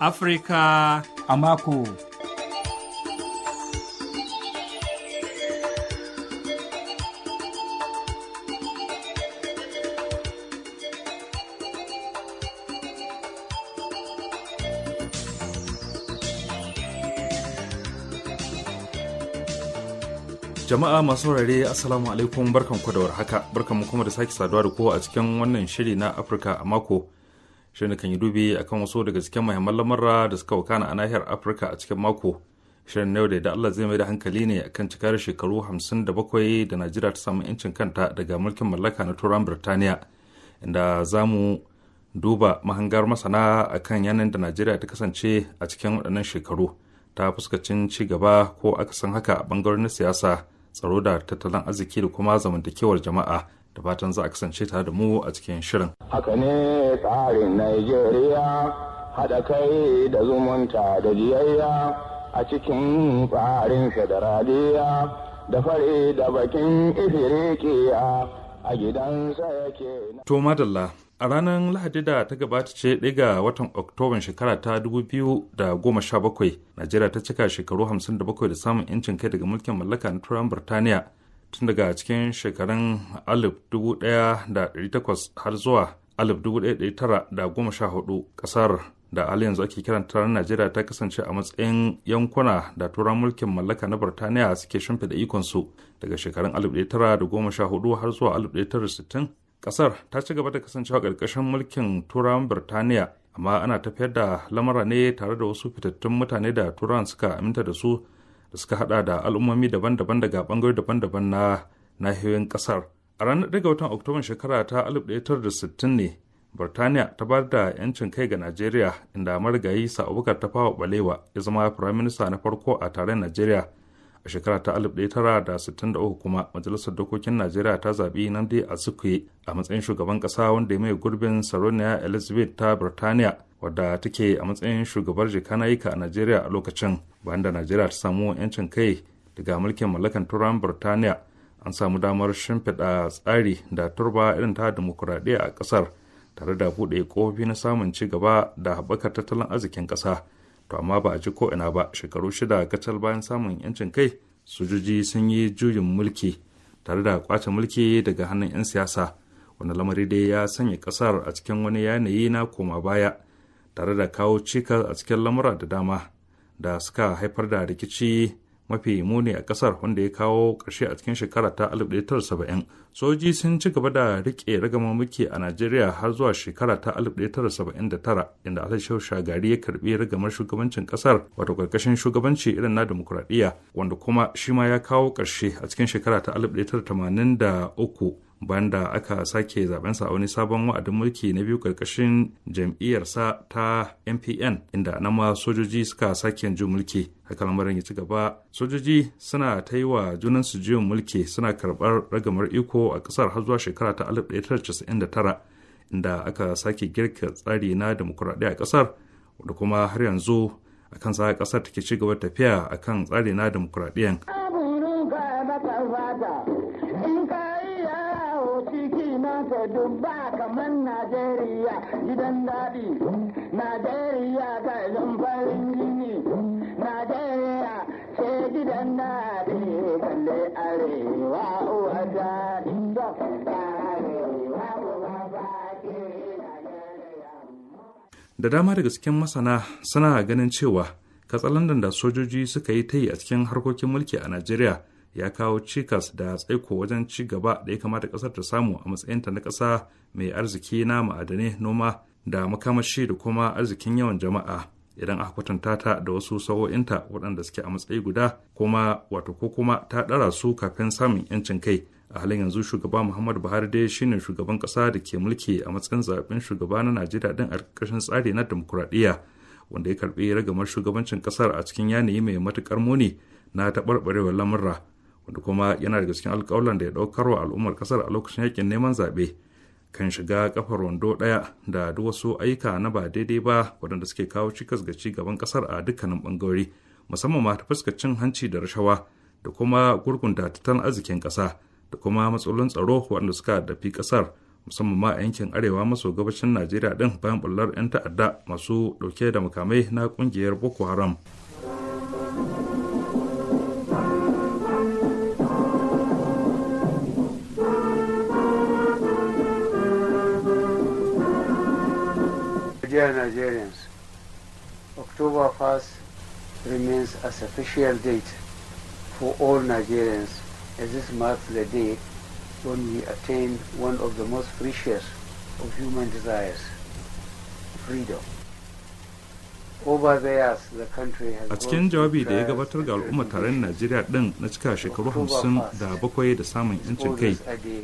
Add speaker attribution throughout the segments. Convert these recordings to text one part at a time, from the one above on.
Speaker 1: Afirka a mako. Jama'a masu rare Assalamu alaikum barkan da haka barkan mu kuma da sake saduwa da kowa a cikin wannan shiri na Afirka a mako shirin kan yi dubi a kan wasu daga cikin mahimman lamarra da suka wakana a nahiyar afirka a cikin mako shirin na yau da Allah zai mai da hankali ne a kan cikar shekaru hamsin da bakwai da Najeriya ta samu 'yancin kanta daga mulkin mallaka na turan Birtaniya inda za mu duba mahangar masana a kan yanayin da Najeriya ta kasance a cikin waɗannan shekaru ta fuskacin ci gaba ko san haka a ɓangarorin siyasa tsaro da tattalin arziki da kuma zamantakewar jama'a da fatan za a kasance tare da mu a cikin shirin.
Speaker 2: Haka ne tsarin Najeriya haɗa kai da zumunta da jiyayya a cikin tsarin federaliya da fari da bakin ifirikiya a gidansa yake.
Speaker 1: To madalla a ranar lahadi da ta gabata ce ɗiga watan oktoban shekara ta 2017 najeriya ta cika shekaru 57 da samun 'yancin kai daga mulkin mallaka na turan birtaniya tun daga cikin shekarun 1800 har zuwa 1914 kasar da hali yanzu ake kiran na najeriya ta kasance a matsayin yankuna da turan mulkin mallaka na birtaniya suke shimfida ikonsu daga shekarun 1914 har zuwa 1960 kasar ta ci gaba da kasancewa ƙarƙashin mulkin turan birtaniya amma ana tafiyar da lamara ne tare da wasu fitattun mutane da turan suka aminta da su da suka hada da al'ummomi daban-daban daga bangarori daban-daban na nahiyoyin kasar a ranar daga watan oktoban shekara ta 1960 ne birtaniya ta ba da yancin kai ga najeriya inda marigayi sa'abukar ta fawa balewa ya zama firaminista na farko a tare najeriya a shekara ta 1963 kuma majalisar dokokin najeriya ta zaɓi nan dai a a matsayin shugaban ƙasa wanda ya mai gurbin saroniya elizabeth ta birtaniya wadda take a matsayin shugabar jikanayika a najeriya a lokacin bayan da najeriya ta samu 'yancin kai daga mulkin mallakan turan birtaniya an samu damar shimfiɗa tsari da turba irin ta dimokuraɗiyya a ƙasar tare da buɗe ƙofofi na samun ci gaba da haɓakar tattalin arzikin ƙasa to amma ba a ji ko ina ba shekaru shida kacal bayan samun yancin kai sojoji sun yi juyin mulki tare da kwace mulki daga hannun 'yan siyasa wani lamari dai ya sanya kasar a cikin wani yanayi na koma baya tare da kawo cikas a cikin lamura da dama da suka haifar da rikici mafi muni a kasar wanda ya kawo ƙarshe a cikin shekara ta 1970 soji sun ci gaba da riƙe ragama mulki a najeriya har zuwa shekara ta 1979 inda alashau shagari ya karbi ragamar shugabancin kasar wato ƙarƙashin shugabanci irin na demokuraɗiyya wanda kuma shi ma ya kawo ƙarshe a cikin shekara ta 1983 bayan aka sake zabensa a wani sabon wa'adin mulki na biyu karkashin jam'iyyarsa ta mpn inda nan ma sojoji suka sake jin mulki haka lamarin ya ci gaba sojoji suna ta yi wa junansu juyin mulki suna karɓar ragamar iko a kasar har zuwa shekara ta 1999 inda aka sake girka tsari na demokuraɗiyya a ƙasar wanda kuma har yanzu akan sa ƙasar take ci gaba tafiya akan tsari na demokuraɗiyyan.
Speaker 3: Dubba kamar Najeriya gidan daɗi. Najeriya ta farin jini. Najeriya ce gidan daɗi kalle arewa uwa daɗi.
Speaker 1: Da dama daga cikin masana suna ganin cewa katsalandan da sojoji suka yi ta yi a cikin harkokin mulki a Najeriya ya kawo cikas da tsaiko wajen ci gaba da ya kamata ƙasar ta samu a matsayinta na ƙasa mai arziki na ma'adanai noma da makamashi da kuma arzikin yawan jama'a idan aka kwatanta ta da wasu sawo'inta waɗanda suke a matsayi guda kuma wato ko kuma ta ɗara su kafin samun 'yancin kai a halin yanzu shugaba muhammadu buhari dai shine shugaban ƙasa da ke mulki a matsayin zaɓen shugaba na najeriya ɗin a ƙarƙashin tsari na demokuraɗiyya wanda ya karɓi ragamar shugabancin ƙasar a cikin yanayi mai matuƙar muni na taɓarɓarewar lamurra wanda kuma yana daga cikin alkawalan da ya daukar wa al'ummar kasar a lokacin yakin neman zaɓe kan shiga kafar wando ɗaya da duk wasu aika na ba daidai ba waɗanda suke kawo cikas ga ci gaban kasar a dukkanin ɓangarori musamman ma ta fuskar cin hanci da rashawa da kuma gurgun da tattalin arzikin ƙasa da kuma matsalolin tsaro waɗanda suka dafi ƙasar musamman ma a yankin arewa maso gabashin najeriya ɗin bayan bullar 'yan ta'adda masu dauke da makamai na ƙungiyar boko haram
Speaker 2: Dear Nigerians, October 1st remains as a special date for all Nigerians as this marks the day when we attain one of the most precious of human desires, freedom. a cikin jawabi da ya
Speaker 1: gabatar ga al'ummar taron najeriya din na cika shekaru hamsin da bakwai da samun yancin kai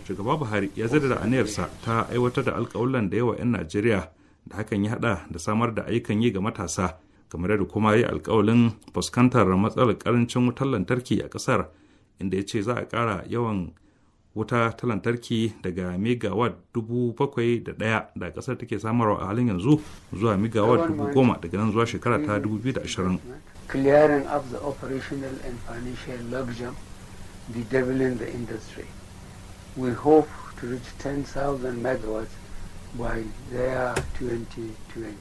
Speaker 1: shugaba buhari ya jaddada aniyarsa ta aiwatar da alkawalan da yawa 'yan najeriya da hakan ya haɗa da samar da ayyukan yi ga matasa kamar da kuma yi alkawalin fuskantar matsalar karancin wutar lantarki a kasar inda ya ce za a ƙara yawan wuta ta lantarki daga megawatt dubu bakwai da daya da kasar take samarwa a halin yanzu zuwa megawatt dubu goma daga nan zuwa shekara ta ashirin
Speaker 2: clearing up the operational and financial luxury bedeviling the industry we hope to reach 10,000 megawatts by the 2020.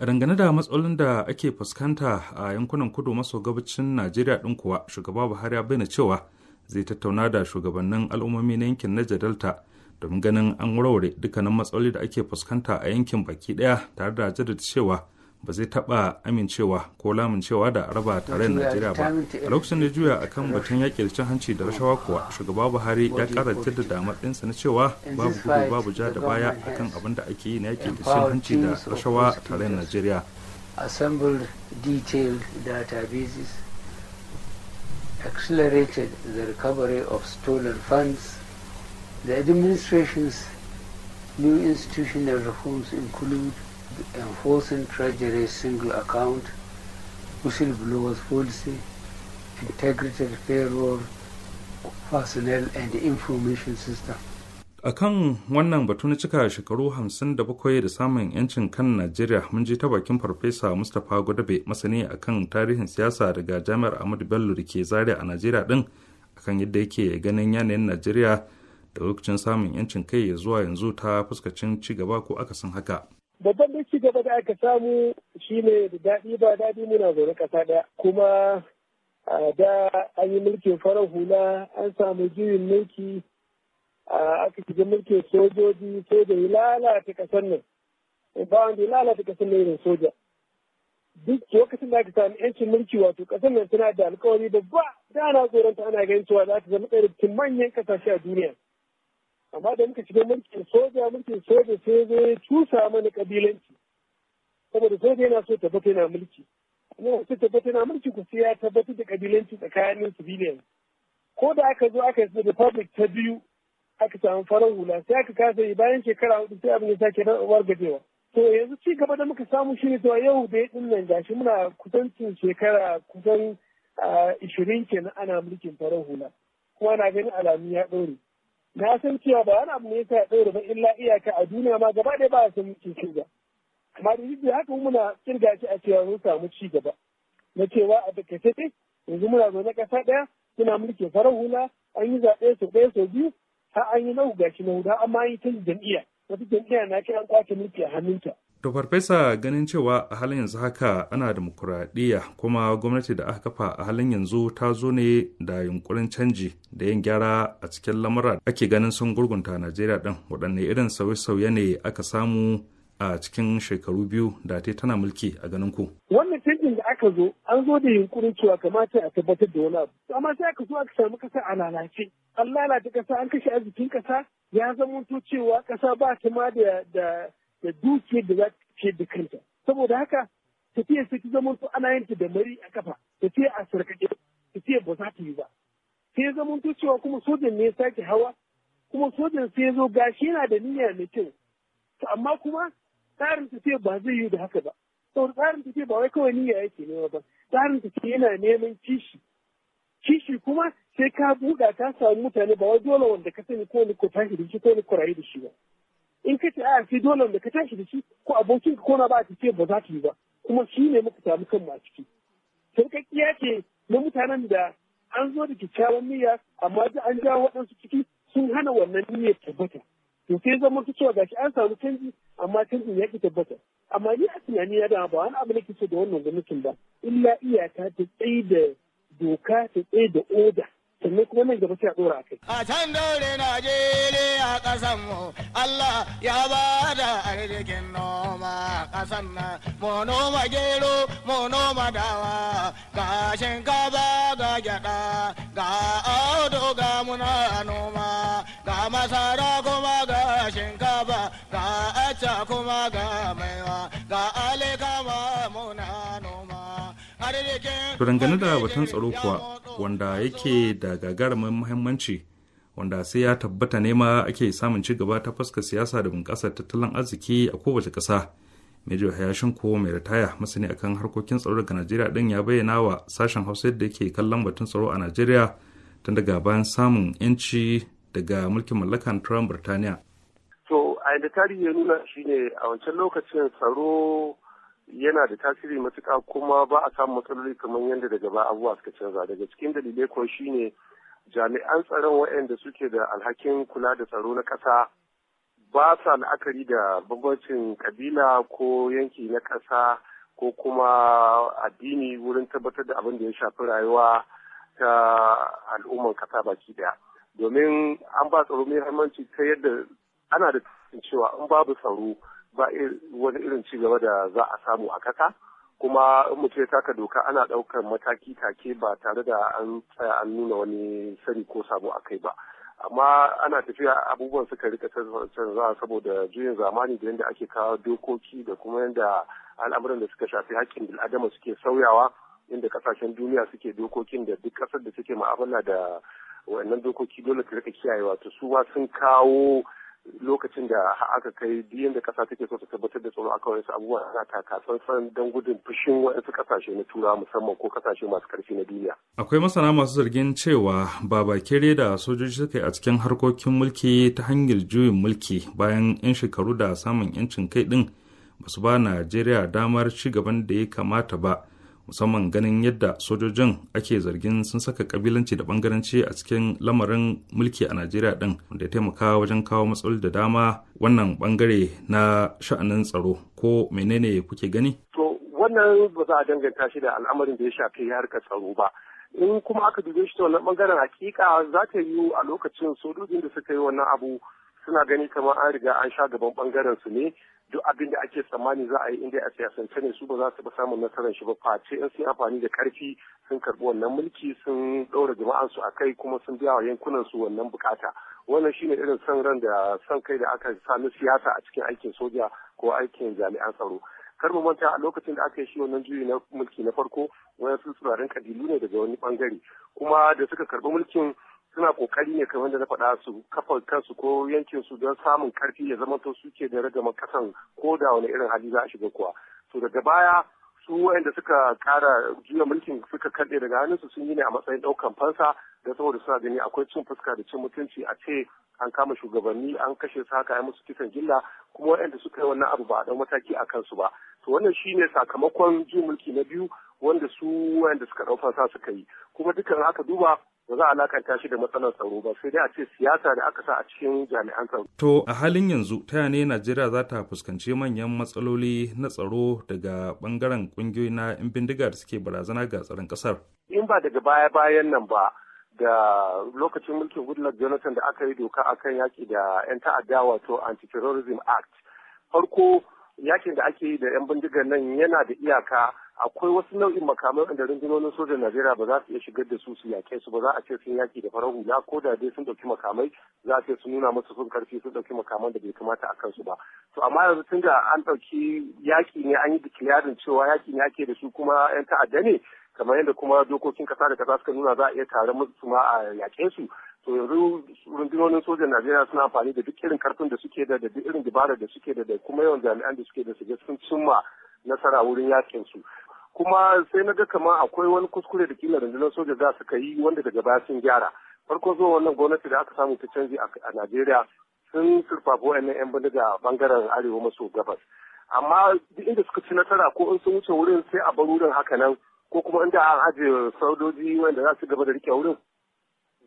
Speaker 1: dangane da matsalolin da ake fuskanta a yankunan kudu maso gabacin najeriya ɗin kuwa shugaba buhari ya bayyana cewa zai tattauna da shugabannin al'ummomi na yankin niger delta domin ganin an warware dukkanin matsaloli da ake fuskanta a yankin baki ɗaya tare da jaddada cewa ba zai taɓa amincewa ko lamuncewa da araba tare da najeriya ba a lokacin da juya akan batun yaƙi da cin hanci da rashawa kuwa shugaba buhari ya ƙara da damar ɗinsa na cewa babu gudu babu ja da baya akan abin da ake yi na yaƙi da cin hanci da rashawa tare da najeriya
Speaker 2: assembled detailed databases accelerated the recovery of stolen funds the administration's new institutional reforms include enforcing treasury single account, whistleblowers policy, integrated payroll, personnel and information system.
Speaker 1: a kan wannan batu na cika shekaru hamsin da bakwai da samun yancin kan najeriya mun ji ta bakin farfesa mustapha gwadabe masani a kan tarihin siyasa daga jami'ar ahmadu bello da ke Zariya a najeriya din akan yadda yake ganin yanayin najeriya da lokacin samun yancin kai zuwa yanzu ta fuskacin ci gaba ko akasin haka
Speaker 4: babban da ci gaba da aka samu shine da daɗi ba daɗi muna zaune ƙasa ɗaya kuma da an yi mulkin farar hula an samu juyin mulki aka shiga mulkin sojoji soja ya lalata ƙasar nan eh, ba wanda ya lalata ƙasar nan irin soja duk lokacin da aka samu yancin mulki wato ƙasar nan tana da alkawari da ba da ana tsoronta ana ganin cewa za ta zama ɗaya da manyan ƙasashe a duniya amma da muka shiga mulkin soja mulkin soja sai zai cusa mana kabilanci saboda soja yana so tabbata yana mulki kuma wasu tabbata yana mulki ku sai ya tabbata da kabilanci tsakanin civilian ko da aka zo aka yi republic ta biyu aka samu farar hula sai aka kasa yi bayan shekara hudu sai abin ya sake gajewa to yanzu ci gaba da muka samu shi ne to yau da din nan gashi muna kusancin shekara kusan ah, ishirin kenan ana mulkin farar hula kuma na ganin alamu ya ɗore na san cewa ba wani abu ne ya ɗaure ba illa iyaka a duniya ma gaba ɗaya ba a san mutum ba amma da yadda haka muna kirga shi a cewa mun samu ci gaba na cewa a takaice dai yanzu muna zaune ƙasa ɗaya suna mulkin farar hula an yi zaɓe sau ɗaya sau biyu har an yi na gashi na huda amma an yi ta jam'iyya wata jam'iyya na kiran an kwace mulki a hannunta
Speaker 1: To farfesa ganin cewa a halin yanzu haka ana demokuraɗiyya kuma gwamnati da aka kafa a halin yanzu ta zo ne da yunkurin canji da yin gyara a cikin lamura ake ganin sun gurgunta Najeriya ɗin waɗanne irin sauye-sauye ne aka samu a cikin shekaru biyu da ta tana mulki a ganin ku.
Speaker 4: Wannan canjin da aka zo an zo da yunkurin cewa kamata a tabbatar da wani abu. Amma sai aka zo aka samu kasa a lalace. An lalata kasa an kashe arzikin kasa ya zama cewa kasa ba ta ma da da dukiyar da za ta ce da kanta saboda haka tafiya sai ta zama su ana yin ta da mari a kafa tafiya a sarkake tafiya ba za ta yi ba sai zama to cewa kuma sojan ne ya sake hawa kuma sojan sai ya zo gashi yana da niyya mai kyau to amma kuma tsarin tafiya ba zai yi da haka ba saboda tsarin tafiya ba wai kawai niyya yake nema ba tsarin tafiya yana neman kishi kishi kuma sai ka buga ka samu mutane ba wai dole wanda ka sani ko ni ko tashi da shi ko ni ko rayu da shi ba in ka ce a dole da ka tashi da shi ko abokin ko na ba ta ce ba za ta yi ba kuma shi ne muka samu kanmu a ciki Sarkakiya ce na mutanen da an zo da kyakkyawan niyya amma da an jawo waɗansu ciki sun hana wannan niyyar tabbata to sai zama su cewa gashi an samu canji amma canjin ya ki tabbata amma ni a tunani ya dama ba wani abu ke so da wannan gwamnatin ba illa iyaka ta tsaye da doka ta tsaye da oda sannan kuma nan gaba sai a dora akai
Speaker 3: a can daure Najeriya kasan mu Allah ya ba da arzikin noma kasan nan mu noma gero mu noma dawa ga shinkafa ga gyada ga auto ga muna noma ga masara kuma ga shinkafa ga acca kuma ga maiwa ga alika
Speaker 1: To dangane da batun tsaro kuwa wanda yake da gagarumin muhimmanci wanda sai ya tabbata nema ma ake samun ci gaba ta fuska siyasa da bunƙasar tattalin arziki a kowace ƙasa. Major Hayashin ko mai ritaya masani akan harkokin tsaro daga Najeriya din ya bayyana wa sashen Hausa yadda yake kallon batun tsaro a Najeriya tun daga bayan samun 'yanci daga mulkin mallakan Trump Birtaniya.
Speaker 5: To, a yadda tarihi ya nuna shine a wancan lokacin tsaro yana da tasiri matuƙa kuma ba a samu matsaloli kamar yadda daga ba abubuwa suka canza daga cikin dalilai shi shine jami'an tsaron waɗanda suke da alhakin kula da tsaro na ƙasa ba sa la'akari da bambancin ƙabila ko yanki na ƙasa ko kuma addini wurin tabbatar da abin da ya shafi rayuwa ta al'umman ƙasa baki ɗaya domin an ba tsaro muhimmanci ta yadda ana da cewa in babu tsaro ba wani irin ci gaba da za a samu a kasa kuma in mutum ya taka doka ana ɗaukar mataki take ba tare da an tsaya an nuna wani sani ko sabo a kai ba amma ana tafiya abubuwan suka rika canzawa saboda juyin zamani da yadda ake kawo dokoki da kuma yadda al'amuran da suka shafi hakkin bil'adama suke sauyawa inda kasashen duniya suke dokokin da duk ƙasar da suke ma'amala da wannan dokoki dole ta rika kiyaye wato su ma sun kawo lokacin da aka kai biyan da kasa take so ta tabbatar da tsaro akan wasu abubuwa na takatsantsan don gudun fushin wasu kasashe na tura musamman ko kasashe
Speaker 1: masu karfi na duniya. Akwai masana masu zargin cewa ba bakin da sojoji suka yi a cikin harkokin mulki ta hanyar juyin mulki bayan 'yan shekaru da samun 'yancin kai din ba su ba Najeriya damar ci gaban da ya kamata ba musamman ganin yadda sojojin ake zargin sun saka kabilanci da bangaranci a cikin lamarin mulki a najeriya din da ya taimaka wajen kawo matsaloli da dama wannan bangare na sha'anin tsaro ko menene kuke gani
Speaker 5: to wannan ba za a danganta shi da al'amarin da ya shafi harkar tsaro ba in kuma aka dube shi wannan bangaren hakika za ta yi a lokacin sojojin da suka yi wannan abu suna gani kamar an riga an sha gaban bangaren su ne duk abin da ake tsammani za a yi inda a siyasance ne su ba za su ba samun nasarar shi ba face in sun amfani da karfi sun karbi wannan mulki sun ɗaura jama'ansu su akai kuma sun biya wa yankunan su wannan bukata wannan shine irin son ran da son kai da aka sami siyasa a cikin aikin soja ko aikin jami'an tsaro kar mu manta a lokacin da aka yi shi wannan juyi na mulki na farko wani sun tsirarin kabilu ne daga wani bangare kuma da suka karbi mulkin suna kokari ne kamar da na faɗa su kafa kansu ko yankin su don samun karfi ya zama to suke da ragama kasan ko da wani irin hali za a shiga kuwa to daga baya su wa'anda suka kara juya mulkin suka kaɗe daga hannunsu sun yi ne a matsayin ɗaukan fansa da saboda suna gani akwai cin fuska da cin mutunci a ce an kama shugabanni an kashe su haka musu kisan gilla kuma wa'anda suka yi wannan abu ba a ɗau mataki a kansu ba to wannan shine sakamakon juya mulki na biyu wanda su wa'anda suka ɗau fansa suka yi kuma dukan haka duba ba za a alakanta shi da matsalar tsaro ba sai dai a ce siyasa da aka sa a cikin jami'an tsaro.
Speaker 1: To a halin yanzu ta ne Najeriya za ta fuskanci manyan matsaloli na tsaro daga bangaren kungiyoyi na 'yan bindiga da suke barazana ga tsaron kasar.
Speaker 5: In ba daga baya-bayan nan ba da lokacin mulkin Goodluck Jonathan da aka yi doka akan yaki da 'yan ta'adda wato Anti-Terrorism Act. Farko yakin da ake yi da 'yan bindigar nan yana da iyaka akwai wasu nau'in makamai wanda rundunonin sojan Najeriya ba za su iya shigar da su su yake su ba za a ce sun yaki da farar hula ko da dai sun dauki makamai za a ce sun nuna musu sun karfi sun dauki makaman da bai kamata a kansu ba to amma yanzu tun da an dauki yaki ne an yi dikilarin cewa yaki ne ake da su kuma yan ta'adda ne kamar yadda kuma dokokin kasa da kasa suka nuna za a iya tare musu ma a yake su to yanzu rundunonin sojan Najeriya suna amfani da duk irin karfin da suke da da duk irin dabarar da suke da da kuma yawan jami'an da suke da su sun cimma nasara wurin yakin su kuma sai na ga kama akwai wani kuskure da kila rundunar soja za suka yi wanda daga baya sun gyara farko zuwa wannan gwamnati da aka samu ta canji a najeriya sun surfafo wa'annan 'yan bindiga bangaren arewa maso gabas amma duk inda suka ci nasara ko in sun wuce wurin sai a bar wurin haka nan ko kuma inda an ajiye sojoji wanda za su gaba da rike wurin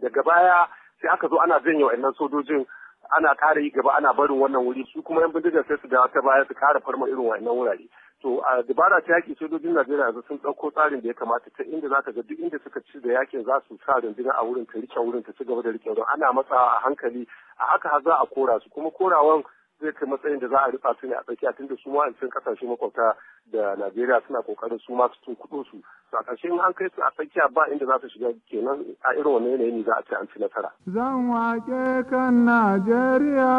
Speaker 5: daga baya sai aka zo ana janye wa'annan sojojin ana kare yi gaba ana barin wannan wuri su kuma yan bindigar sai su dawo ta baya su kare farma irin wa'annan wurare to a dabara ta yaki sojojin najeriya yanzu sun ɗauko tsarin da ya kamata ta inda za ka ga duk inda suka ci da yakin za su sa rundunar a wurin ta rike wurin ta ci gaba da rike wurin ana matsawa a hankali a haka za a kora su kuma korawan zai kai matsayin da za a rufa su ne a tsakiya tunda su ma kasashe makwabta da Najeriya suna kokarin su masu tun kuɗin su a ƙarshen an kai su a tsakiya ba inda za su shiga kenan a irin wannan yanayi ne za a ce an ci nasara.
Speaker 2: Zan wake kan Najeriya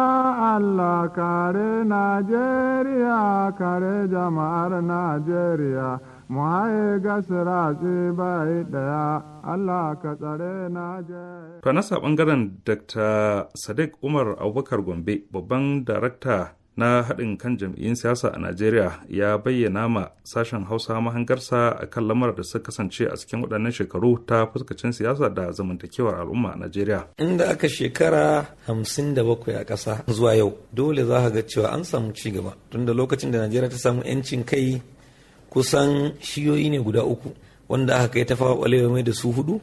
Speaker 2: Allah kare Najeriya kare jama'ar Najeriya mu haye gasira ce bai daya Allah ka tsare Najeriya.
Speaker 1: To nasa bangaren Dr. Sadiq Umar Abubakar Gombe babban darakta na haɗin kan jam'iyyun siyasa a najeriya ya bayyana ma sashen hausa mahangarsa a kan lamarar da suka kasance a cikin waɗannan shekaru ta fuskacin siyasa da zamantakewar al'umma a najeriya inda aka
Speaker 6: shekara hamsin da bakwai a ƙasa zuwa yau dole za ka ga cewa an samu ci gaba tunda lokacin da najeriya ta samu 'yancin kai kusan shiyoyi ne guda uku wanda aka kai ta fawa mai da su hudu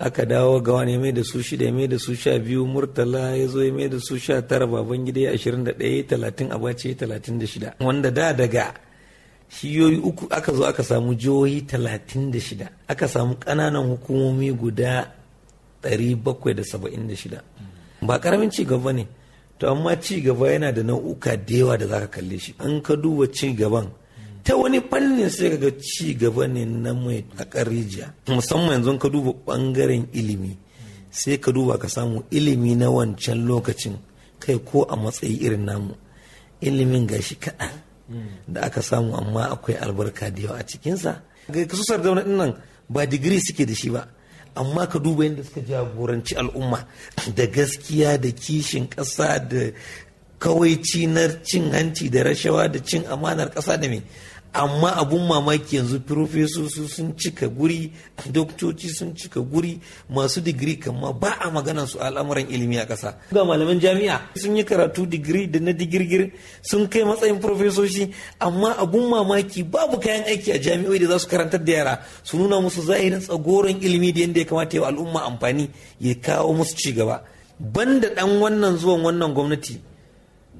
Speaker 6: aka dawo ga wani mai da su shida mai da su sha biyu murtala ya zo mai da su sha tara baban gida ashirin da ɗaya talatin abace talatin da shida wanda da daga shiyoyi uku aka zo aka samu jihohi talatin da shida aka samu ƙananan hukumomi guda ɗari bakwai da saba'in da shida ba ƙaramin cigaba ne to amma ci gaba yana da nau'uka da yawa da za ka kalle shi An ka duba ci gaban ta wani fannin sai ga ci gaba ne na mai haƙar rijiya musamman yanzu ka duba ɓangaren ilimi sai ka duba ka samu ilimi na wancan lokacin kai ko a matsayi irin namu ilimin gashi kaɗan da aka samu amma akwai albarka da yawa a cikinsa ga kasu sardauna nan ba digiri suke da shi ba amma ka duba yadda suka jagoranci al'umma da gaskiya da kishin ƙasa da kawaici na cin hanci da rashawa da cin amanar ƙasa da mai amma abun mamaki yanzu profesosu sun cika guri doktoci sun cika guri masu digiri kama ba a magana su al'amuran ilimi a ƙasa ga malaman jami'a sun yi karatu digiri da na digirgir sun kai matsayin profesoshi. amma abun mamaki babu kayan aiki a jami'oi da za su karantar da yara su nuna musu zahirin tsagoron ilimi da yadda ya kamata ya al'umma amfani ya kawo musu ci gaba banda dan wannan zuwan wannan gwamnati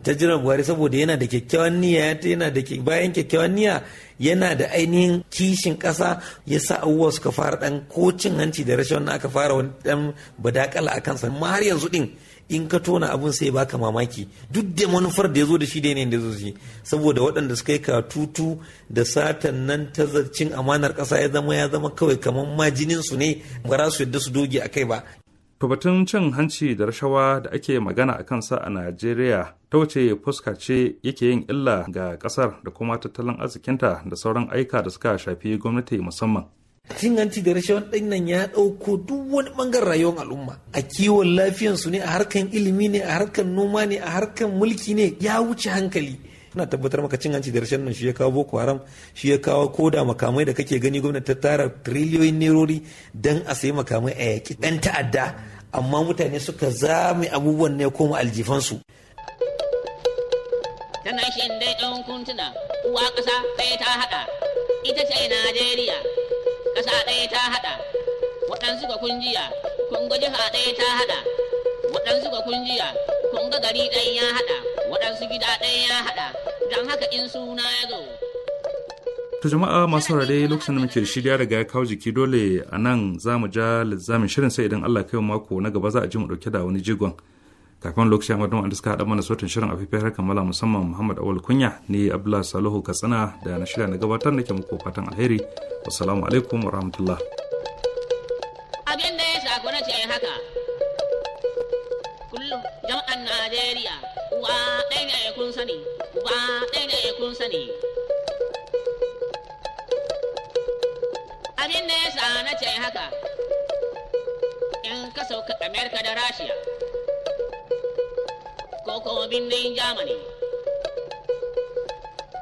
Speaker 6: ta jiran buhari saboda yana da kyakkyawan niyya yana da bayan kyakkyawan niyya yana da ainihin kishin ƙasa ya sa abubuwa suka fara dan ko cin hanci da rashin aka fara wani ɗan badakala a kansa amma har yanzu din in ka tona abun sai baka mamaki duk da manufar da ya zo da shi da yanayin da saboda waɗanda suka yi katutu da satan nan ta zarcin amanar ƙasa ya zama ya zama kawai kamar
Speaker 1: ma jinin su ne ba za su yadda su doge a kai ba Tubatun cin hanci da rashawa da ake magana a kansa a Najeriya ta wace fuska ce yake yin illa ga ƙasar da kuma tattalin arzikinta da sauran aika da suka shafi gwamnati musamman. cin hanci
Speaker 6: da rashawan ɗin nan ya ɗauko duk wani ɓangaren rayuwar al'umma a kiwon lafiyansu ne a harkan ilimi ne a harkan noma ne a harkan mulki ne ya wuce hankali ina tabbatar maka cin hanci da rashin nan shi ya kawo boko haram shi ya kawo koda makamai da kake gani gwamnati ta tara triliyoyin nerori don a sayi makamai a yaki dan ta'adda amma mutane suka zame abubuwan ne koma aljifansu
Speaker 3: tana in dai ɗan kuntuna uwa ƙasa ɗaya ta haɗa ita ce najeriya ƙasa ɗaya ta haɗa waɗansu ga kungiya kun ga jiha ɗaya ta haɗa waɗansu ga kun ga gari ɗaya ya haɗa waɗansu gida ɗaya ya haɗa don haka in suna ya zo
Speaker 1: To jama'a masu rare lokacin da muke shirya daga ya kawo jiki dole a nan za mu ja lizamin shirin sai idan Allah kai mako na gaba za a ji mu ɗauke da wani jigon. Kafin lokacin amma don suka haɗa mana sautin shirin a fifiyar kammala musamman Muhammad Awal Kunya ne Abdullahi Salihu Katsina da na shirya na gabatar ke muku fatan alheri. Wassalamu alaikum wa rahmatullah.
Speaker 3: Abin da ya shafi na ce haka. Kullum jama'an Najeriya uwa ɗaya ne kun sani uba ɗaya ne kun sani abin da sa na ce haka in ka sauka amerika da rashiya ko ko birnin germany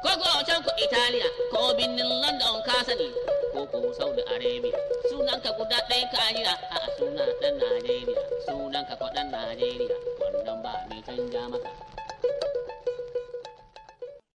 Speaker 3: ko ko can ku italiya ko birnin london ka sani ko ko saudi arabia sunan ka guda ɗaya ka jira a suna ɗan najeriya sunan ka ɗan najeriya wannan ba mai canja maka